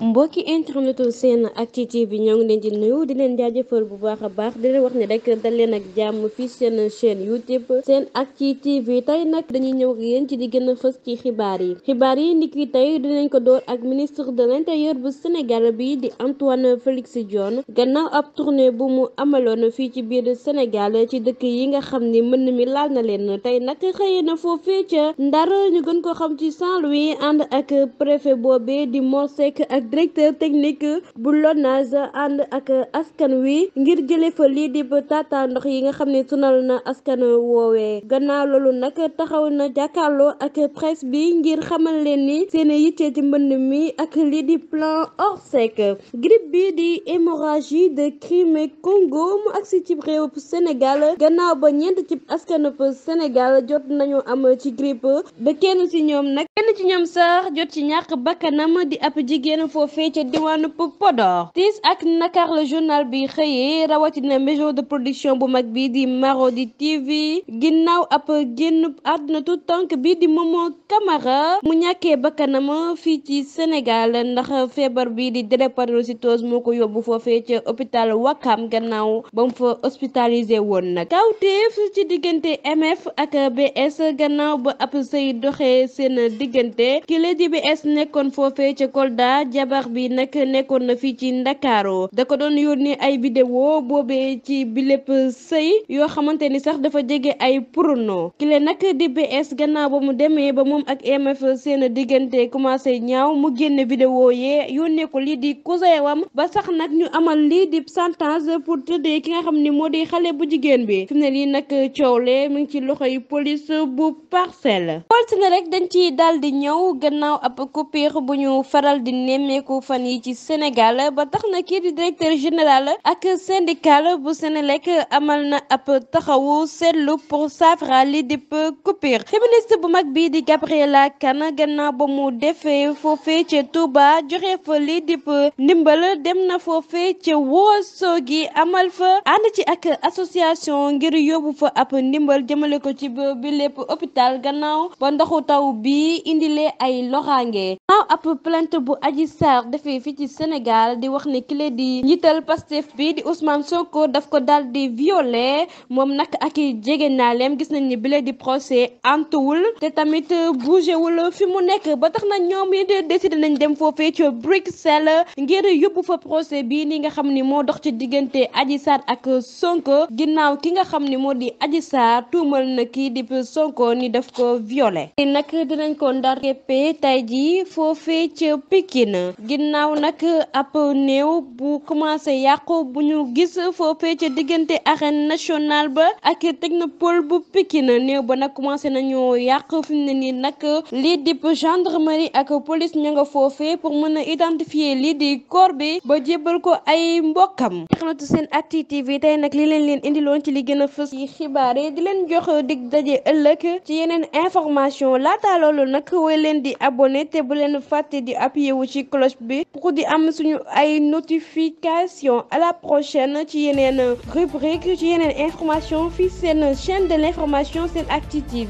mbokki internetu seen acti tv ñoo ngi leen di nuyu di leen jaajëfal bu baax a baax di leen wax ne rek dal leen ak jàmm fii seen chaîne youtube seen acti tv tey nag dañuy ñëw ak ci di gën a fës ci xibaar yi xibaar yi niki tey dinañ ko door ak ministre de l' intérieur bu Sénégal bi di Antoine Félix Diome gannaaw ab tournée bu mu amaloon fii ci biir Sénégal ci dëkk yi nga xam ni mën mi laal na leen tey nag xëy na foofee ca Ndar ñu gën ko xam ci Saint-Louis ànd ak préfet boobee di Mor Seck directeur technique bu LONASE ànd ak askan wi ngir jëlee fa lii di tata ndox yi nga xam ne sunal na askan woowee gannaaw loolu nag taxaw na jàkkaarloo ak presse bi ngir xamal leen ni seen yittee ci mbënd mi ak lii di plan Orsec grippe bi di hémorragie de Crimée Congo mu agsi ci bu Sénégal gannaaw ba ñeent ci askanub Sénégal jot nañu am ci grippe ba kenn ci ñoom nag kenn ci ñoom sax jot ci ñàkk bakkanam di ab jigéen foofee ca diwaanu Podor tiis ak nakar la journal bi xëyee rawatina maison de production bu mag bi di Marodi TV ginnaaw ab génn àdduna tout tànk bi di Momo Camara mu ñàkkee bakkanam fii ci senegal ndax feebar bi di drépanocytose moo ko yóbbu foofee ca hôpital Wakam gannaaw ba mu fa hospitalisé woon nag kawteef ci diggante MF ak BS gannaaw ba ab sëy doxee seen diggante ki la di BS nekkoon foofee ca Kolda jab jabar bi nag nekkoon na fii ci ndakaaru da ko doon yónnee ay vidéo boobe ci bi lépp sëy yoo xamante ni sax dafa jege ay porno kile nag di BS gannaaw ba mu demee ba moom ak MF seen diggante commencé ñaaw mu génne vidéo yee yónnee ko lii di cousin ba sax nag ñu amal lii di sentence pour tëddee ki nga xam ni moo di xale bu jigéen bi fi mu ne coow nag coowlee mu ngi ci loxoy police bu parcelle police ne rek dañ ci daal di ñëw gannaaw ab coupure bu ñu faral di nemmeeku fan yi ci Sénégal ba tax na kii di directeur général ak syndical bu Sénélec amal na ab taxawu seetlu pour saafara li di coupure féministe bu mag bii di Gabriella Kane gannaaw ba mu defee foofee ca Touba joxe fa li di ndimbal dem na foofee ca Woso gi amal fa ànd ci ak association ngir yóbbu fa ab ndimbal jëmale ko ci bi lépp hôpital gannaaw ba ndoxu taw bi indilee ay loxaange naaw ab plainte bu Adji Sarr defee fi ci Sénégal di wax ne kile di njiital Pastef bi di Ousmane Sonko daf ko dal di violé moom nag ak i jege naa leem gis nañ ni bile di procès antuwul te tamit euh, bougé wul fi mu nekk ba tax na ñoom yi décidé nañ dem foofee ci Bruxelles ngir yóbbu fa procès bii ni nga xam ni moo dox ci diggante aji Sarr ak Sonko ginnaaw ki nga xam ni moo di aji Sarr tuumal na kii di Sonko ni daf ko violé. nag dinañ ko ndar képpee tey foofee ca Pikine ginnaaw nag ab néew bu commencé yàqu bu ñu gis foofee ca diggante arène nationale ba ak na technopole bu Pikine néew ba nag commencé nañu yàq fi mu ne nii nag lii di gendarmerie ak police ñu nga foofee pour mën a identifier lii di corps bi ba jébbal ko ay mbokkam. xanatu seen acti TV tey nag li leen leen indiloon ci li gën fës yi xibaar yi di leen jox dig daje ëllëg ci yeneen information laata loolu nag way leen di abonné te bu leen leen fàtte di appuyé wu ci cloche bi pour di am suñu ay notification à la prochaine ci yeneen rubrique ci yeneen information fii seen chaîne de l'information SENactu TV